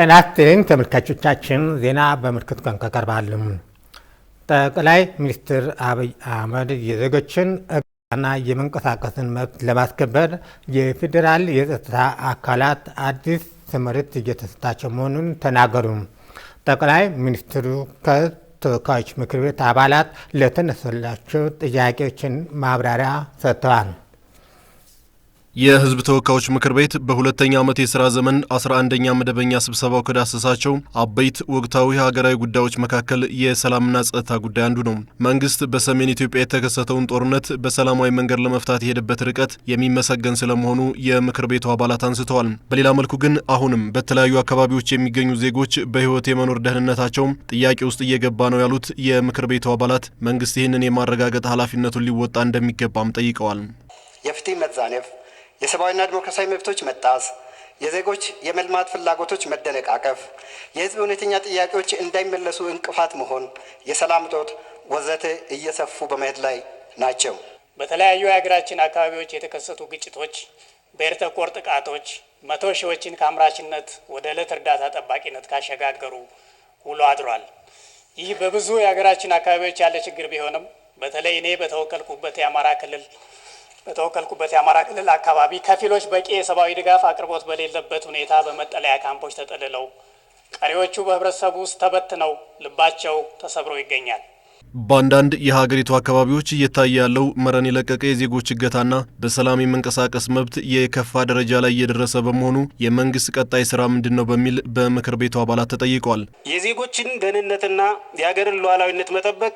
ጤና ይስጥልኝ ተመልካቾቻችን፣ ዜና በምልክት ቋንቋ ቀርባል። ጠቅላይ ሚኒስትር አብይ አህመድ የዜጎችን እና የመንቀሳቀስን መብት ለማስከበር የፌዴራል የጸጥታ አካላት አዲስ ትምህርት እየተሰጣቸው መሆኑን ተናገሩ። ጠቅላይ ሚኒስትሩ ከተወካዮች ምክር ቤት አባላት ለተነሱላቸው ጥያቄዎችን ማብራሪያ ሰጥተዋል። የህዝብ ተወካዮች ምክር ቤት በሁለተኛ ዓመት የሥራ ዘመን 11ኛ መደበኛ ስብሰባው ከዳሰሳቸው አበይት ወቅታዊ ሀገራዊ ጉዳዮች መካከል የሰላምና ጸጥታ ጉዳይ አንዱ ነው። መንግስት በሰሜን ኢትዮጵያ የተከሰተውን ጦርነት በሰላማዊ መንገድ ለመፍታት የሄደበት ርቀት የሚመሰገን ስለመሆኑ የምክር ቤቱ አባላት አንስተዋል። በሌላ መልኩ ግን አሁንም በተለያዩ አካባቢዎች የሚገኙ ዜጎች በህይወት የመኖር ደህንነታቸውም ጥያቄ ውስጥ እየገባ ነው ያሉት የምክር ቤቱ አባላት መንግስት ይህንን የማረጋገጥ ኃላፊነቱን ሊወጣ እንደሚገባም ጠይቀዋል። የፍትህ መዛኔፍ የሰብአዊና ዲሞክራሲያዊ መብቶች መጣስ፣ የዜጎች የመልማት ፍላጎቶች መደነቃቀፍ፣ የህዝብ እውነተኛ ጥያቄዎች እንዳይመለሱ እንቅፋት መሆን፣ የሰላም እጦት ወዘተ እየሰፉ በመሄድ ላይ ናቸው። በተለያዩ የሀገራችን አካባቢዎች የተከሰቱ ግጭቶች፣ ብሔር ተኮር ጥቃቶች መቶ ሺዎችን ከአምራችነት ወደ ዕለት እርዳታ ጠባቂነት ካሸጋገሩ ውሎ አድሯል። ይህ በብዙ የሀገራችን አካባቢዎች ያለ ችግር ቢሆንም በተለይ እኔ በተወከልኩበት የአማራ ክልል በተወከልኩበት የአማራ ክልል አካባቢ ከፊሎች በቂ የሰብአዊ ድጋፍ አቅርቦት በሌለበት ሁኔታ በመጠለያ ካምፖች ተጠልለው፣ ቀሪዎቹ በህብረተሰቡ ውስጥ ተበትነው ልባቸው ተሰብሮ ይገኛል። በአንዳንድ የሀገሪቱ አካባቢዎች እየታየ ያለው መረን የለቀቀ የዜጎች እገታና በሰላም የመንቀሳቀስ መብት የከፋ ደረጃ ላይ እየደረሰ በመሆኑ የመንግስት ቀጣይ ስራ ምንድን ነው በሚል በምክር ቤቱ አባላት ተጠይቋል። የዜጎችን ደህንነትና የሀገርን ሉዓላዊነት መጠበቅ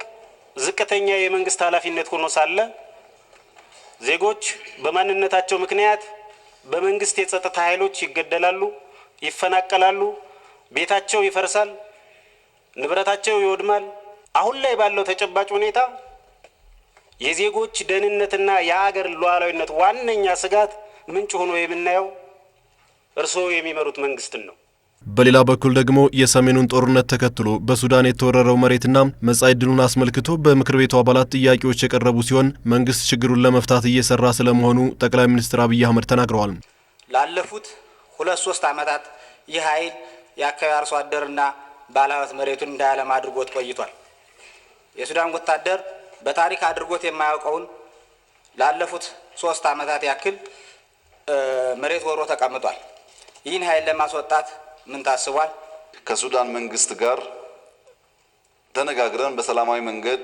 ዝቅተኛ የመንግስት ኃላፊነት ሆኖ ሳለ ዜጎች በማንነታቸው ምክንያት በመንግስት የጸጥታ ኃይሎች ይገደላሉ፣ ይፈናቀላሉ፣ ቤታቸው ይፈርሳል፣ ንብረታቸው ይወድማል። አሁን ላይ ባለው ተጨባጭ ሁኔታ የዜጎች ደህንነትና የሀገር ሉዓላዊነት ዋነኛ ስጋት ምንጭ ሆኖ የምናየው እርስዎ የሚመሩት መንግስትን ነው። በሌላ በኩል ደግሞ የሰሜኑን ጦርነት ተከትሎ በሱዳን የተወረረው መሬትና መጻኢ ዕድሉን አስመልክቶ በምክር ቤቱ አባላት ጥያቄዎች የቀረቡ ሲሆን መንግስት ችግሩን ለመፍታት እየሰራ ስለመሆኑ ጠቅላይ ሚኒስትር አብይ አህመድ ተናግረዋል። ላለፉት ሁለት ሶስት ዓመታት ይህ ኃይል የአካባቢ አርሶ አደርና ባለሀብት መሬቱን እንዳያለም አድርጎት ቆይቷል። የሱዳን ወታደር በታሪክ አድርጎት የማያውቀውን ላለፉት ሶስት ዓመታት ያክል መሬት ወሮ ተቀምጧል። ይህን ኃይል ለማስወጣት ምን ታስቧል? ከሱዳን መንግስት ጋር ተነጋግረን በሰላማዊ መንገድ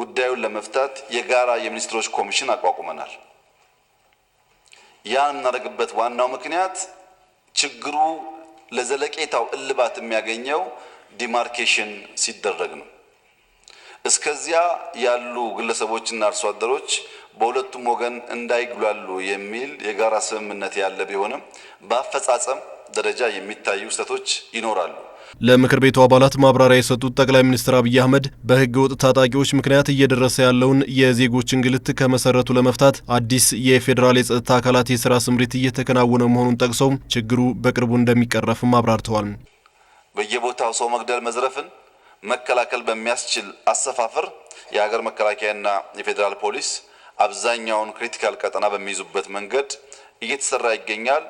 ጉዳዩን ለመፍታት የጋራ የሚኒስትሮች ኮሚሽን አቋቁመናል። ያ የምናደርግበት ዋናው ምክንያት ችግሩ ለዘለቄታው እልባት የሚያገኘው ዲማርኬሽን ሲደረግ ነው። እስከዚያ ያሉ ግለሰቦችና አርሶ አደሮች በሁለቱም ወገን እንዳይግሏሉ የሚል የጋራ ስምምነት ያለ ቢሆንም በአፈጻጸም ደረጃ የሚታዩ ስህተቶች ይኖራሉ። ለምክር ቤቱ አባላት ማብራሪያ የሰጡት ጠቅላይ ሚኒስትር አብይ አህመድ በህገ ወጥ ታጣቂዎች ምክንያት እየደረሰ ያለውን የዜጎች እንግልት ከመሰረቱ ለመፍታት አዲስ የፌዴራል የጸጥታ አካላት የስራ ስምሪት እየተከናወነ መሆኑን ጠቅሰው ችግሩ በቅርቡ እንደሚቀረፍም አብራርተዋል። በየቦታው ሰው መግደል፣ መዝረፍን መከላከል በሚያስችል አሰፋፈር የሀገር መከላከያና የፌዴራል ፖሊስ አብዛኛውን ክሪቲካል ቀጠና በሚይዙበት መንገድ እየተሰራ ይገኛል።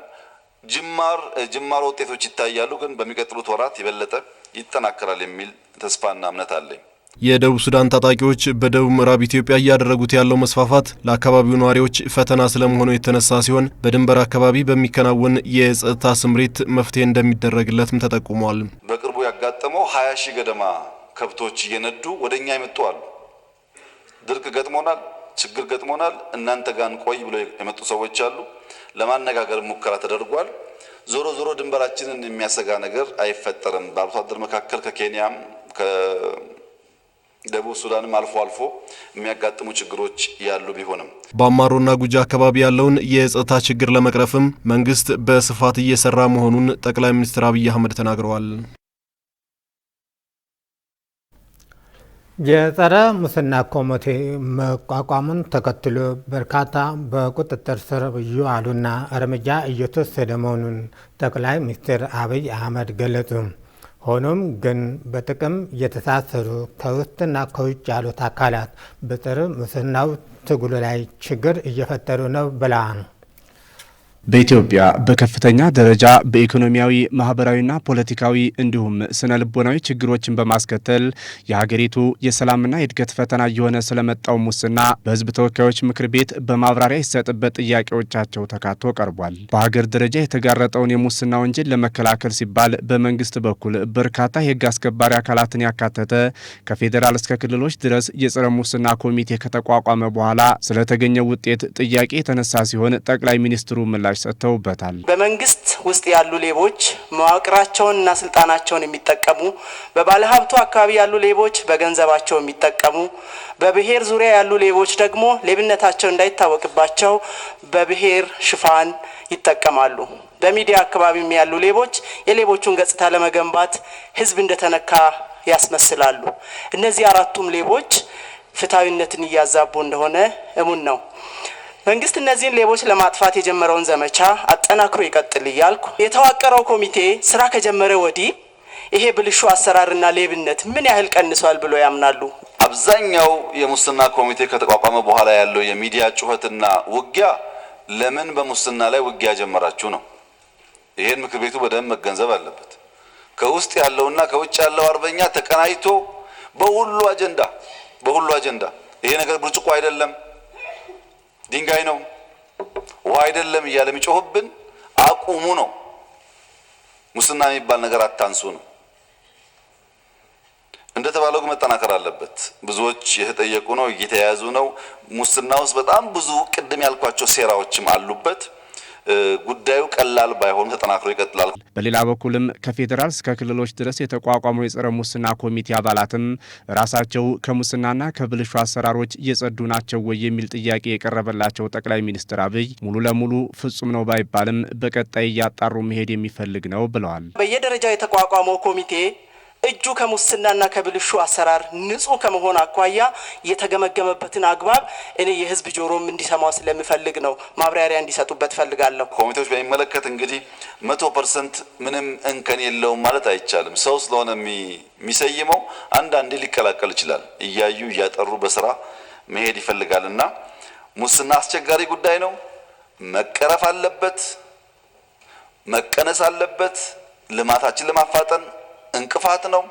ጅማር ጅማሮ ውጤቶች ይታያሉ፣ ግን በሚቀጥሉት ወራት የበለጠ ይጠናከራል የሚል ተስፋና እምነት አለኝ። የደቡብ ሱዳን ታጣቂዎች በደቡብ ምዕራብ ኢትዮጵያ እያደረጉት ያለው መስፋፋት ለአካባቢው ነዋሪዎች ፈተና ስለመሆኑ የተነሳ ሲሆን በድንበር አካባቢ በሚከናወን የጸጥታ ስምሪት መፍትሄ እንደሚደረግለትም ተጠቁሟል። በቅርቡ ያጋጠመው ሀያ ሺህ ገደማ ከብቶች እየነዱ ወደ እኛ ይመጡ አሉ። ድርቅ ገጥሞናል። ችግር ገጥሞናል፣ እናንተ ጋር እንቆይ ብለው የመጡ ሰዎች አሉ። ለማነጋገር ሙከራ ተደርጓል። ዞሮ ዞሮ ድንበራችንን የሚያሰጋ ነገር አይፈጠርም። በአርሶ አደር መካከል ከኬንያም ደቡብ ሱዳንም አልፎ አልፎ የሚያጋጥሙ ችግሮች ያሉ ቢሆንም በአማሮና ጉጂ አካባቢ ያለውን የጸጥታ ችግር ለመቅረፍም መንግስት በስፋት እየሰራ መሆኑን ጠቅላይ ሚኒስትር አብይ አህመድ ተናግረዋል። የጸረ ሙስና ኮሚቴ መቋቋሙን ተከትሎ በርካታ በቁጥጥር ስር የዋሉና እርምጃ እየተወሰደ መሆኑን ጠቅላይ ሚኒስትር አብይ አህመድ ገለጹ። ሆኖም ግን በጥቅም የተሳሰሩ ከውስጥና ከውጭ ያሉት አካላት በጸረ ሙስናው ትግሉ ላይ ችግር እየፈጠሩ ነው ብለዋል። በኢትዮጵያ በከፍተኛ ደረጃ በኢኮኖሚያዊ ማህበራዊና ፖለቲካዊ እንዲሁም ስነ ልቦናዊ ችግሮችን በማስከተል የሀገሪቱ የሰላምና የእድገት ፈተና እየሆነ ስለመጣው ሙስና በህዝብ ተወካዮች ምክር ቤት በማብራሪያ ይሰጥበት ጥያቄዎቻቸው ተካቶ ቀርቧል። በሀገር ደረጃ የተጋረጠውን የሙስና ወንጀል ለመከላከል ሲባል በመንግስት በኩል በርካታ የህግ አስከባሪ አካላትን ያካተተ ከፌዴራል እስከ ክልሎች ድረስ የጸረ ሙስና ኮሚቴ ከተቋቋመ በኋላ ስለተገኘው ውጤት ጥያቄ የተነሳ ሲሆን ጠቅላይ ሚኒስትሩ ምላሽ ምላሽ ሰጥተውበታል። በመንግስት ውስጥ ያሉ ሌቦች መዋቅራቸውንና ስልጣናቸውን የሚጠቀሙ፣ በባለሀብቱ አካባቢ ያሉ ሌቦች በገንዘባቸው የሚጠቀሙ፣ በብሔር ዙሪያ ያሉ ሌቦች ደግሞ ሌብነታቸው እንዳይታወቅባቸው በብሔር ሽፋን ይጠቀማሉ። በሚዲያ አካባቢም ያሉ ሌቦች የሌቦቹን ገጽታ ለመገንባት ህዝብ እንደተነካ ያስመስላሉ። እነዚህ አራቱም ሌቦች ፍትሐዊነትን እያዛቡ እንደሆነ እሙን ነው። መንግስት እነዚህን ሌቦች ለማጥፋት የጀመረውን ዘመቻ አጠናክሮ ይቀጥል እያልኩ የተዋቀረው ኮሚቴ ስራ ከጀመረ ወዲህ ይሄ ብልሹ አሰራርና ሌብነት ምን ያህል ቀንሷል ብሎ ያምናሉ? አብዛኛው የሙስና ኮሚቴ ከተቋቋመ በኋላ ያለው የሚዲያ ጩኸትና ውጊያ ለምን በሙስና ላይ ውጊያ ጀመራችሁ ነው። ይሄን ምክር ቤቱ በደንብ መገንዘብ አለበት። ከውስጥ ያለውና ከውጭ ያለው አርበኛ ተቀናይቶ በሁሉ አጀንዳ በሁሉ አጀንዳ ይሄ ነገር ብርጭቆ አይደለም ድንጋይ ነው ውሃ አይደለም እያለ የሚጮህብን አቁሙ ነው። ሙስና የሚባል ነገር አታንሱ ነው። እንደተባለው ግን መጠናከር አለበት። ብዙዎች የተጠየቁ ነው፣ እየተያያዙ ነው። ሙስና ውስጥ በጣም ብዙ ቅድም ያልኳቸው ሴራዎችም አሉበት። ጉዳዩ ቀላል ባይሆኑ ተጠናክሮ ይቀጥላል። በሌላ በኩልም ከፌዴራል እስከ ክልሎች ድረስ የተቋቋሙ የጸረ ሙስና ኮሚቴ አባላትም ራሳቸው ከሙስናና ከብልሹ አሰራሮች እየጸዱ ናቸው ወይ የሚል ጥያቄ የቀረበላቸው ጠቅላይ ሚኒስትር አብይ ሙሉ ለሙሉ ፍጹም ነው ባይባልም በቀጣይ እያጣሩ መሄድ የሚፈልግ ነው ብለዋል። በየደረጃው የተቋቋመው ኮሚቴ እጁ ከሙስናና ከብልሹ አሰራር ንጹህ ከመሆን አኳያ የተገመገመበትን አግባብ እኔ የህዝብ ጆሮም እንዲሰማው ስለሚፈልግ ነው ማብራሪያ እንዲሰጡበት ፈልጋለሁ። ኮሚቴዎች በሚመለከት እንግዲህ መቶ ፐርሰንት ምንም እንከን የለውም ማለት አይቻልም። ሰው ስለሆነ የሚሰይመው አንዳንዴ ሊቀላቀል ይችላል። እያዩ እያጠሩ በስራ መሄድ ይፈልጋል እና ሙስና አስቸጋሪ ጉዳይ ነው። መቀረፍ አለበት፣ መቀነስ አለበት ልማታችን ለማፋጠን እንቅፋት ነው።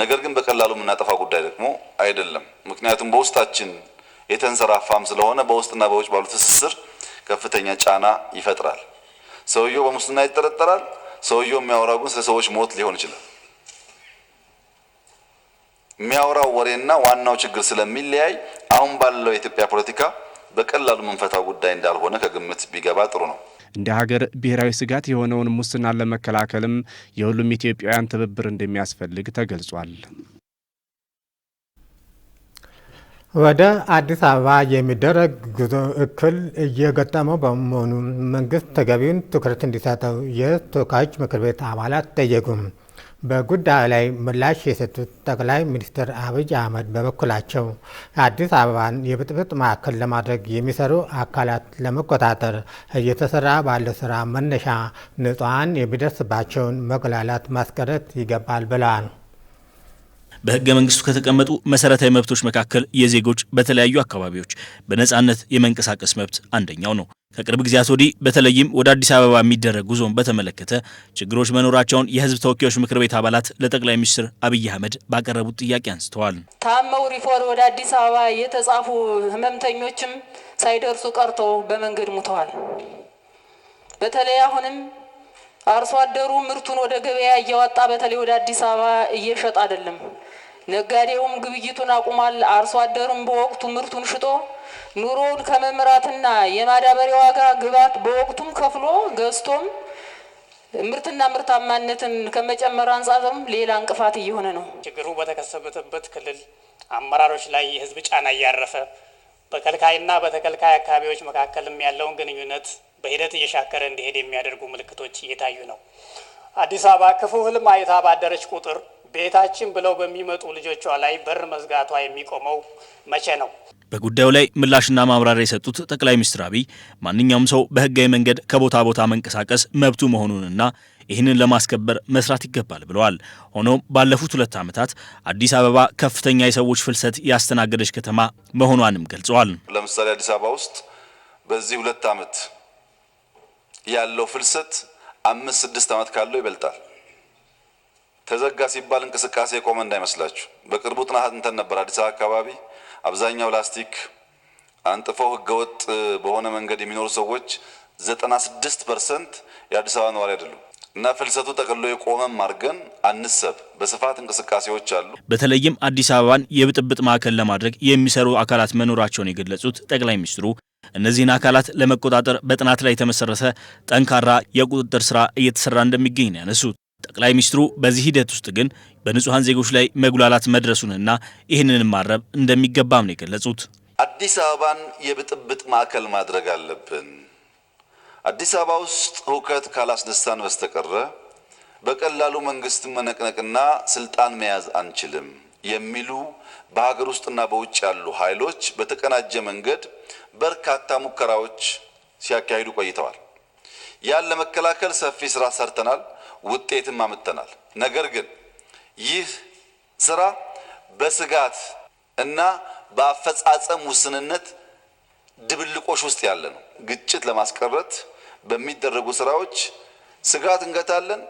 ነገር ግን በቀላሉ የምናጠፋ ጉዳይ ደግሞ አይደለም። ምክንያቱም በውስጣችን የተንሰራፋም ስለሆነ በውስጥና በውጭ ባሉ ትስስር ከፍተኛ ጫና ይፈጥራል። ሰውየው በሙስና ይጠረጠራል። ሰውየው የሚያወራው ግን ስለ ሰዎች ሞት ሊሆን ይችላል። የሚያወራው ወሬና ዋናው ችግር ስለሚለያይ አሁን ባለው የኢትዮጵያ ፖለቲካ በቀላሉ የምንፈታው ጉዳይ እንዳልሆነ ከግምት ቢገባ ጥሩ ነው። እንደ ሀገር ብሔራዊ ስጋት የሆነውን ሙስናን ለመከላከልም የሁሉም ኢትዮጵያውያን ትብብር እንደሚያስፈልግ ተገልጿል። ወደ አዲስ አበባ የሚደረግ ጉዞ እክል እየገጠመው በመሆኑ መንግስት ተገቢውን ትኩረት እንዲሰጠው የተወካዮች ምክር ቤት አባላት ጠየቁም። በጉዳዩ ላይ ምላሽ የሰጡት ጠቅላይ ሚኒስትር አብይ አህመድ በበኩላቸው አዲስ አበባን የብጥብጥ ማዕከል ለማድረግ የሚሰሩ አካላት ለመቆጣጠር እየተሰራ ባለ ስራ መነሻ ንጹሐን የሚደርስባቸውን መቅላላት ማስቀረት ይገባል ብለዋል። በህገ መንግስቱ ከተቀመጡ መሰረታዊ መብቶች መካከል የዜጎች በተለያዩ አካባቢዎች በነጻነት የመንቀሳቀስ መብት አንደኛው ነው። ከቅርብ ጊዜያት ወዲህ በተለይም ወደ አዲስ አበባ የሚደረግ ጉዞን በተመለከተ ችግሮች መኖራቸውን የህዝብ ተወካዮች ምክር ቤት አባላት ለጠቅላይ ሚኒስትር አብይ አህመድ ባቀረቡት ጥያቄ አንስተዋል። ታመው ሪፈር ወደ አዲስ አበባ የተጻፉ ህመምተኞችም ሳይደርሱ ቀርተው በመንገድ ሙተዋል። በተለይ አሁንም አርሶ አደሩ ምርቱን ወደ ገበያ እያወጣ በተለይ ወደ አዲስ አበባ እየሸጥ አይደለም። ነጋዴውም ግብይቱን አቁሟል። አርሶ አደሩም በወቅቱ ምርቱን ሽጦ ኑሮውን ከመምራትና የማዳበሪያ ዋጋ ግብዓት በወቅቱም ከፍሎ ገዝቶም ምርትና ምርታማነትን ከመጨመር አንጻርም ሌላ እንቅፋት እየሆነ ነው። ችግሩ በተከሰተበት ክልል አመራሮች ላይ የህዝብ ጫና እያረፈ በከልካይና በተከልካይ አካባቢዎች መካከልም ያለውን ግንኙነት በሂደት እየሻከረ እንዲሄድ የሚያደርጉ ምልክቶች እየታዩ ነው። አዲስ አበባ ክፉ ህልም አይታ ባደረች ቁጥር ቤታችን ብለው በሚመጡ ልጆቿ ላይ በር መዝጋቷ የሚቆመው መቼ ነው? በጉዳዩ ላይ ምላሽና ማብራሪያ የሰጡት ጠቅላይ ሚኒስትር አብይ ማንኛውም ሰው በህጋዊ መንገድ ከቦታ ቦታ መንቀሳቀስ መብቱ መሆኑንና ይህንን ለማስከበር መስራት ይገባል ብለዋል። ሆኖም ባለፉት ሁለት ዓመታት አዲስ አበባ ከፍተኛ የሰዎች ፍልሰት ያስተናገደች ከተማ መሆኗንም ገልጸዋል። ለምሳሌ አዲስ አበባ ውስጥ በዚህ ሁለት ዓመት ያለው ፍልሰት አምስት ስድስት ዓመት ካለው ይበልጣል። ተዘጋ ሲባል እንቅስቃሴ የቆመ እንዳይመስላችሁ። በቅርቡ ጥናት እንተን ነበር። አዲስ አበባ አካባቢ አብዛኛው ላስቲክ አንጥፈው ህገወጥ በሆነ መንገድ የሚኖሩ ሰዎች 96 ፐርሰንት የአዲስ አበባ ነዋሪ አይደሉም። እና ፍልሰቱ ጠቅሎ የቆመም አድርገን አንሰብ። በስፋት እንቅስቃሴዎች አሉ። በተለይም አዲስ አበባን የብጥብጥ ማዕከል ለማድረግ የሚሰሩ አካላት መኖራቸውን የገለጹት ጠቅላይ ሚኒስትሩ እነዚህን አካላት ለመቆጣጠር በጥናት ላይ የተመሰረተ ጠንካራ የቁጥጥር ስራ እየተሰራ እንደሚገኝ ነው ያነሱት። ጠቅላይ ሚኒስትሩ በዚህ ሂደት ውስጥ ግን በንጹሐን ዜጎች ላይ መጉላላት መድረሱንና ይህንን ማረብ እንደሚገባም ነው የገለጹት። አዲስ አበባን የብጥብጥ ማዕከል ማድረግ አለብን። አዲስ አበባ ውስጥ ሁከት ካላስነሳን በስተቀረ በቀላሉ መንግስትን መነቅነቅና ስልጣን መያዝ አንችልም የሚሉ በሀገር ውስጥና በውጭ ያሉ ኃይሎች በተቀናጀ መንገድ በርካታ ሙከራዎች ሲያካሂዱ ቆይተዋል። ያን ለመከላከል ሰፊ ስራ ሰርተናል። ውጤትም አምጥተናል። ነገር ግን ይህ ስራ በስጋት እና በአፈጻጸም ውስንነት ድብልቆች ውስጥ ያለ ነው። ግጭት ለማስቀረት በሚደረጉ ስራዎች ስጋት እንገታለን።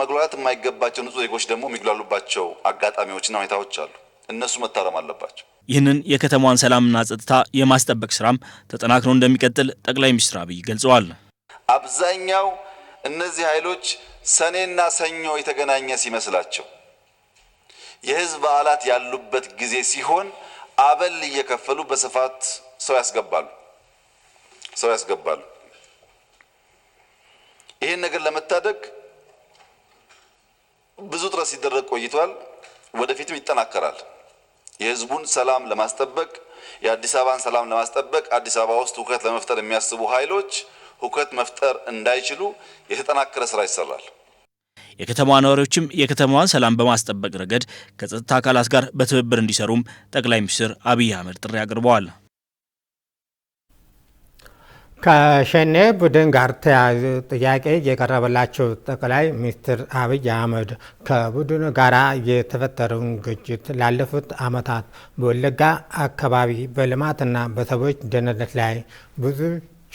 መግሏላት የማይገባቸው ንጹህ ዜጎች ደግሞ የሚግላሉባቸው አጋጣሚዎችና ሁኔታዎች አሉ። እነሱ መታረም አለባቸው። ይህንን የከተማዋን ሰላምና ጸጥታ የማስጠበቅ ስራም ተጠናክሮ እንደሚቀጥል ጠቅላይ ሚኒስትር አብይ ገልጸዋል። አብዛኛው እነዚህ ኃይሎች ሰኔና ሰኞ የተገናኘ ሲመስላቸው የህዝብ በዓላት ያሉበት ጊዜ ሲሆን አበል እየከፈሉ በስፋት ሰው ያስገባሉ ሰው ያስገባሉ። ይህን ነገር ለመታደግ ብዙ ጥረት ሲደረግ ቆይቷል። ወደፊትም ይጠናከራል። የህዝቡን ሰላም ለማስጠበቅ፣ የአዲስ አበባን ሰላም ለማስጠበቅ አዲስ አበባ ውስጥ ሁከት ለመፍጠር የሚያስቡ ኃይሎች ሁከት መፍጠር እንዳይችሉ የተጠናከረ ስራ ይሰራል። የከተማዋ ነዋሪዎችም የከተማዋን ሰላም በማስጠበቅ ረገድ ከጸጥታ አካላት ጋር በትብብር እንዲሰሩም ጠቅላይ ሚኒስትር አብይ አህመድ ጥሪ አቅርበዋል። ከሸኔ ቡድን ጋር ተያዙ ጥያቄ የቀረበላቸው ጠቅላይ ሚኒስትር አብይ አህመድ ከቡድኑ ጋር የተፈጠረውን ግጭት ላለፉት ዓመታት በወለጋ አካባቢ በልማትና በሰዎች ደህንነት ላይ ብዙ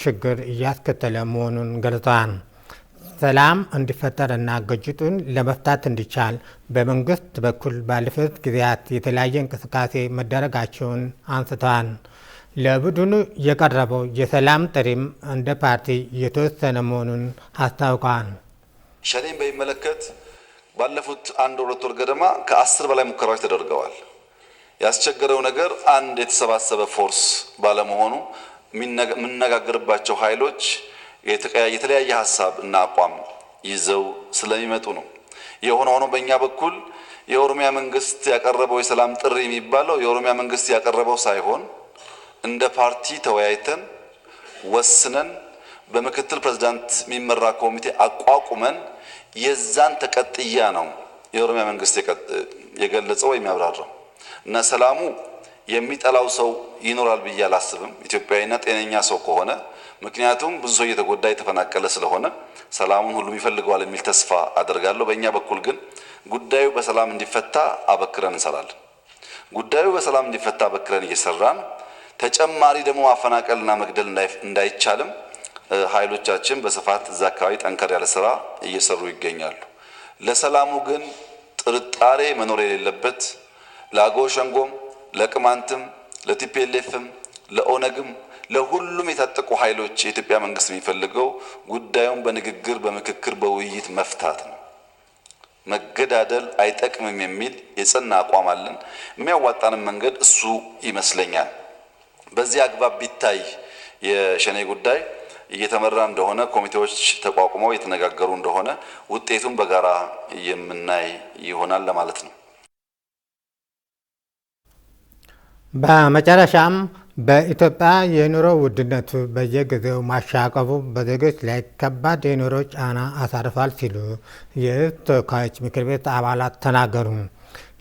ችግር እያስከተለ መሆኑን ገልጸዋል። ሰላም እንዲፈጠር እና ግጭቱን ለመፍታት እንዲቻል በመንግስት በኩል ባለፉት ጊዜያት የተለያየ እንቅስቃሴ መደረጋቸውን አንስተዋል። ለቡድኑ የቀረበው የሰላም ጥሪም እንደ ፓርቲ የተወሰነ መሆኑን አስታውቀዋል። ሸኔን በሚመለከት ባለፉት አንድ ሁለት ወር ገደማ ከአስር በላይ ሙከራዎች ተደርገዋል። ያስቸገረው ነገር አንድ የተሰባሰበ ፎርስ ባለመሆኑ የምንነጋገርባቸው ኃይሎች የተለያየ ሀሳብ እና አቋም ይዘው ስለሚመጡ ነው። የሆነ ሆኖ በእኛ በኩል የኦሮሚያ መንግስት ያቀረበው የሰላም ጥሪ የሚባለው የኦሮሚያ መንግስት ያቀረበው ሳይሆን እንደ ፓርቲ ተወያይተን ወስነን በምክትል ፕሬዚዳንት የሚመራ ኮሚቴ አቋቁመን የዛን ተቀጥያ ነው የኦሮሚያ መንግስት የገለጸው ወይም ያብራራው እና ሰላሙ የሚጠላው ሰው ይኖራል ብዬ አላስብም። ኢትዮጵያዊና ጤነኛ ሰው ከሆነ ምክንያቱም ብዙ ሰው እየተጎዳ የተፈናቀለ ስለሆነ ሰላሙን ሁሉም ይፈልገዋል የሚል ተስፋ አደርጋለሁ። በእኛ በኩል ግን ጉዳዩ በሰላም እንዲፈታ አበክረን እንሰራለን። ጉዳዩ በሰላም እንዲፈታ አበክረን እየሰራን ተጨማሪ ደግሞ ማፈናቀልና መግደል እንዳይቻልም ኃይሎቻችን በስፋት እዛ አካባቢ ጠንከር ያለ ስራ እየሰሩ ይገኛሉ። ለሰላሙ ግን ጥርጣሬ መኖር የሌለበት ለአገው ሸንጎም ለቅማንትም፣ ለቲፒኤልኤፍም፣ ለኦነግም ለሁሉም የታጠቁ ኃይሎች የኢትዮጵያ መንግስት የሚፈልገው ጉዳዩን በንግግር በምክክር በውይይት መፍታት ነው። መገዳደል አይጠቅምም የሚል የጸና አቋም አለን። የሚያዋጣንም መንገድ እሱ ይመስለኛል። በዚህ አግባብ ቢታይ የሸኔ ጉዳይ እየተመራ እንደሆነ ኮሚቴዎች ተቋቁመው እየተነጋገሩ እንደሆነ ውጤቱን በጋራ የምናይ ይሆናል ለማለት ነው። በመጨረሻም በኢትዮጵያ የኑሮ ውድነቱ በየጊዜው ማሻቀቡ በዜጎች ላይ ከባድ የኑሮ ጫና አሳርፏል ሲሉ የሕዝብ ተወካዮች ምክር ቤት አባላት ተናገሩ።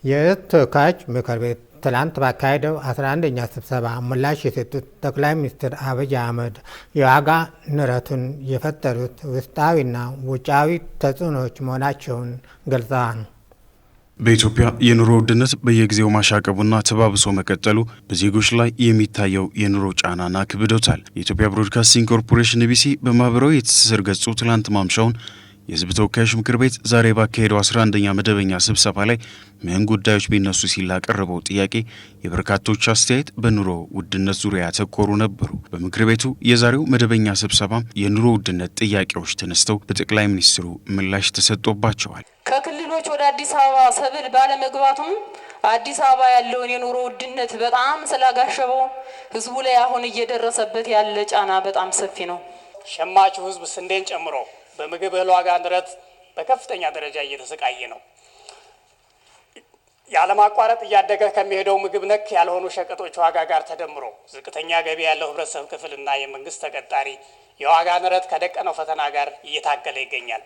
የሕዝብ ተወካዮች ምክር ቤት ትላንት ባካሄደው 11ኛ ስብሰባ ምላሽ የሰጡት ጠቅላይ ሚኒስትር አብይ አህመድ የዋጋ ንረቱን የፈጠሩት ውስጣዊና ውጫዊ ተጽዕኖዎች መሆናቸውን ገልጸዋል። በኢትዮጵያ የኑሮ ውድነት በየጊዜው ማሻቀቡና ተባብሶ መቀጠሉ በዜጎች ላይ የሚታየው የኑሮ ጫናና ክብዶታል። የኢትዮጵያ ብሮድካስቲንግ ኮርፖሬሽን ኢቢሲ በማህበራዊ የትስስር ገጹ ትላንት ማምሻውን የህዝብ ተወካዮች ምክር ቤት ዛሬ ባካሄደው 11ኛ መደበኛ ስብሰባ ላይ ምን ጉዳዮች ቢነሱ ሲል ላቀረበው ጥያቄ የበርካቶች አስተያየት በኑሮ ውድነት ዙሪያ ያተኮሩ ነበሩ። በምክር ቤቱ የዛሬው መደበኛ ስብሰባም የኑሮ ውድነት ጥያቄዎች ተነስተው በጠቅላይ ሚኒስትሩ ምላሽ ተሰጥቶባቸዋል። ሰዎች ወደ አዲስ አበባ ሰብል ባለመግባቱም አዲስ አበባ ያለውን የኑሮ ውድነት በጣም ስላጋሸበው ህዝቡ ላይ አሁን እየደረሰበት ያለ ጫና በጣም ሰፊ ነው። ሸማቹ ህዝብ ስንዴን ጨምሮ በምግብ እህል ዋጋ ንረት በከፍተኛ ደረጃ እየተሰቃየ ነው። ያለማቋረጥ እያደገ ከሚሄደው ምግብ ነክ ያልሆኑ ሸቀጦች ዋጋ ጋር ተደምሮ ዝቅተኛ ገቢ ያለው ህብረተሰብ ክፍልና የመንግስት ተቀጣሪ የዋጋ ንረት ከደቀነው ፈተና ጋር እየታገለ ይገኛል።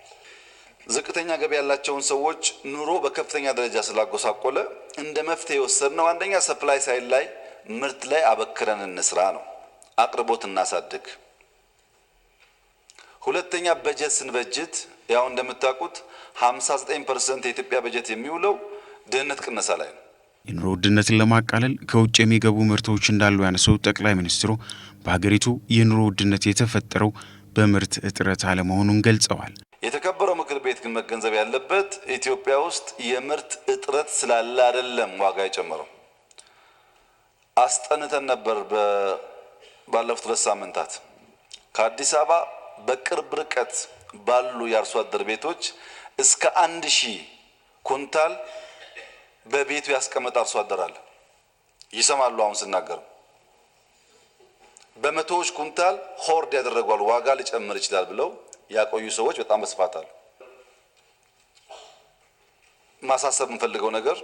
ዝቅተኛ ገቢ ያላቸውን ሰዎች ኑሮ በከፍተኛ ደረጃ ስላጎሳቆለ እንደ መፍትሄ የወሰድነው አንደኛ ሰፕላይ ሳይድ ላይ ምርት ላይ አበክረን እንስራ ነው፣ አቅርቦት እናሳድግ። ሁለተኛ በጀት ስንበጅት ያው እንደምታውቁት 59 ፐርሰንት የኢትዮጵያ በጀት የሚውለው ድህነት ቅነሳ ላይ ነው። የኑሮ ውድነትን ለማቃለል ከውጭ የሚገቡ ምርቶች እንዳሉ ያነሰው ጠቅላይ ሚኒስትሩ በሀገሪቱ የኑሮ ውድነት የተፈጠረው በምርት እጥረት አለመሆኑን ገልጸዋል። ውጤት ግን መገንዘብ ያለበት ኢትዮጵያ ውስጥ የምርት እጥረት ስላለ አይደለም ዋጋ የጨመረው። አስጠንተን ነበር ባለፉት ሁለት ሳምንታት ከአዲስ አበባ በቅርብ ርቀት ባሉ የአርሶ አደር ቤቶች እስከ አንድ ሺህ ኩንታል በቤቱ ያስቀመጠ አርሶ አደር አለ። ይሰማሉ። አሁን ስናገር በመቶዎች ኩንታል ሆርድ ያደረጓል። ዋጋ ሊጨምር ይችላል ብለው ያቆዩ ሰዎች በጣም በስፋት አሉ። ማሳሰብ የምፈልገው ነገር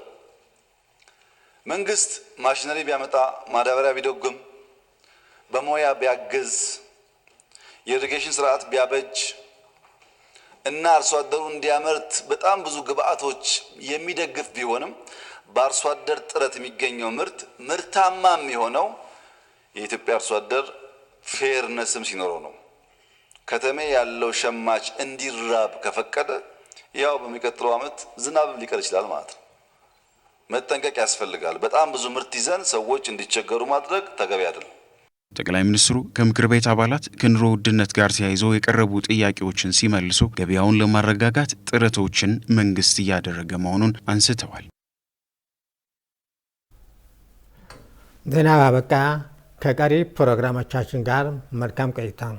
መንግስት ማሽነሪ ቢያመጣ ማዳበሪያ ቢደጉም በሞያ ቢያግዝ የኢሪጌሽን ስርዓት ቢያበጅ እና አርሶ አደሩ እንዲያመርት በጣም ብዙ ግብአቶች የሚደግፍ ቢሆንም በአርሶ አደር ጥረት የሚገኘው ምርት ምርታማ የሚሆነው የኢትዮጵያ አርሶ አደር ፌርነስም ሲኖረው ነው። ከተሜ ያለው ሸማች እንዲራብ ከፈቀደ ያው በሚቀጥለው ዓመት ዝናብ ሊቀር ይችላል ማለት ነው። መጠንቀቅ ያስፈልጋል። በጣም ብዙ ምርት ይዘን ሰዎች እንዲቸገሩ ማድረግ ተገቢ አይደለም። ጠቅላይ ሚኒስትሩ ከምክር ቤት አባላት ከኑሮ ውድነት ጋር ተያይዘው የቀረቡ ጥያቄዎችን ሲመልሱ ገበያውን ለማረጋጋት ጥረቶችን መንግስት እያደረገ መሆኑን አንስተዋል። ዜና አበቃ። ከቀሪ ፕሮግራሞቻችን ጋር መልካም ቆይታ